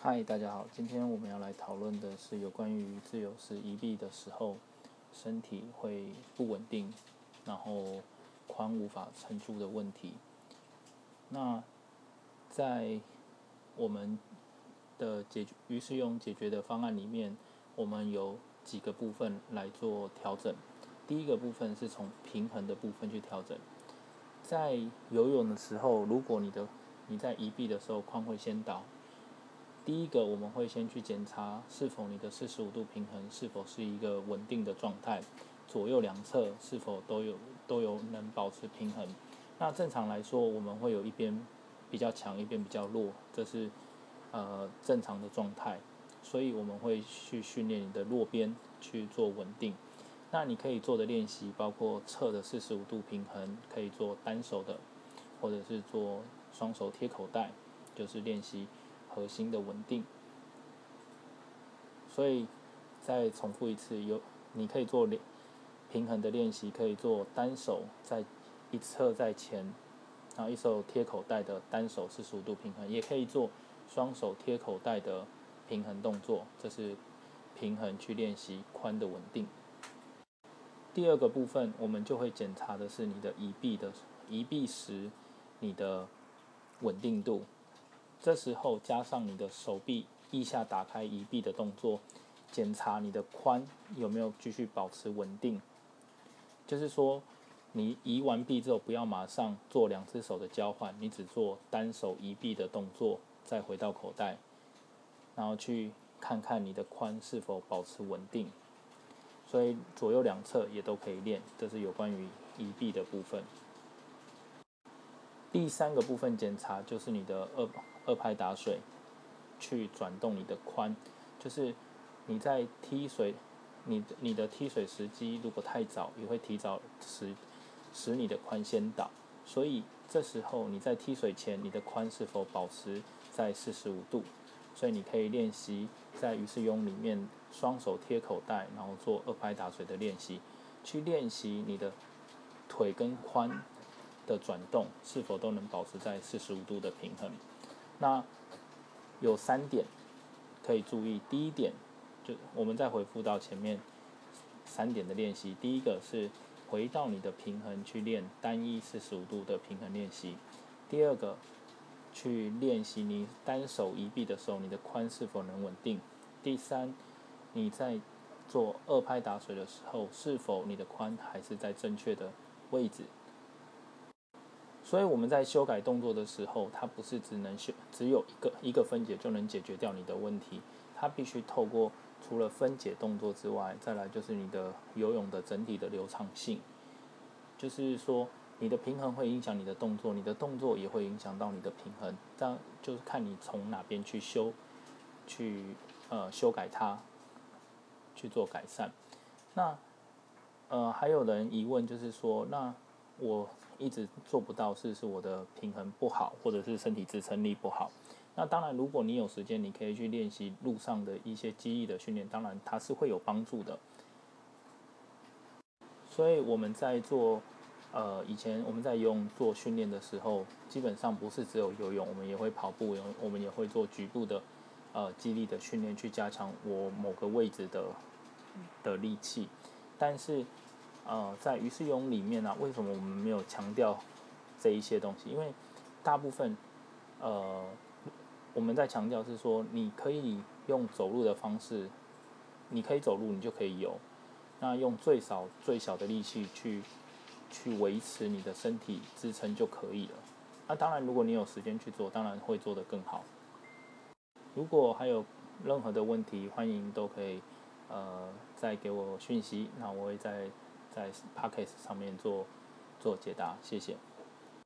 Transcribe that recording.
嗨，Hi, 大家好。今天我們要來討論的是有關於自由式移臂的時候，身體會不穩定，然後髖無法撐住的問題。那在我們的解決，於是用解決的方案裡面，我們有幾個部分來做調整。第一個部分是從平衡的部分去調整。在游泳的時候，如果你的你在移臂的時候髖會先倒。第一個，我們會先去檢查是否你的四十五度平衡是否是一個穩定的狀態，左右兩側是否都有都有能保持平衡。那正常來說，我們會有一邊比較強，一邊比較弱，這、就是呃正常的狀態。所以我們會去訓練你的弱邊去做穩定。那你可以做的練習包括側的四十五度平衡，可以做單手的，或者是做雙手貼口袋，就是練習。核心的穩定，所以再重複一次，有你可以做平衡的練習，可以做單手在一側在前，然後一手貼口袋的單手四十五度平衡，也可以做雙手貼口袋的平衡動作，這是平衡去練習髖的穩定。第二個部分，我們就會檢查的是你的移臂的移臂時你的穩定度。這時候加上你的手臂腋下打開移臂的動作，檢查你的髖有沒有繼續保持穩定。就是說，你移完臂之後不要馬上做兩只手的交換，你只做單手移臂的動作，再回到口袋，然後去看看你的髖是否保持穩定。所以左右兩側也都可以練，這是有關於移臂的部分。第三個部分檢查，就是你的二二拍打水，去轉動你的髖，就是你在踢水，你你的踢水時機如果太早，也會提早使使你的髖先倒，所以這時候你在踢水前，你的髖是否保持在四十五度？所以你可以練習在魚式游裡面，雙手貼口袋，然後做二拍打水的練習，去練習你的腿跟髖。的轉動是否都能保持在四十五度的平衡？那有三點可以注意。第一點，就我們再回復到前面三點的練習。第一個是回到你的平衡去練單一四十五度的平衡練習。第二個，去練習你單手移臂的時候，你的髖是否能穩定？第三，你在做二拍打水的時候，是否你的髖還是在正確的位置？所以我們在修改動作的時候，它不是只能修，只有一個一個分解就能解決掉你的問題，它必須透過除了分解動作之外，再來就是你的游泳的整體的流暢性，就是說你的平衡會影響你的動作，你的動作也會影響到你的平衡，這樣就是看你從哪邊去修，去呃修改它，去做改善。那呃還有人疑問就是說那。我一直做不到，是是我的平衡不好，或者是身體支撐力不好。那當然，如果你有時間，你可以去練習路上的一些肌力的訓練，當然它是會有幫助的。所以我們在做，呃，以前我們在用做訓練的時候，基本上不是只有游泳，我們也會跑步，我們也會做局部的，呃，肌力的訓練去加強我某個位置的的力氣，但是。呃，在於游泳裡面呢、啊，為什麼我們沒有強調這一些東西？因為大部分，呃，我們在強調是說，你可以用走路的方式，你可以走路，你就可以游。那用最少、最小的力氣去去維持你的身體支撐就可以了。那當然，如果你有時間去做，當然會做得更好。如果還有任何的問題，歡迎都可以呃再給我訊息，那我會再。在 p a c k a g e 上面做做解答，謝謝。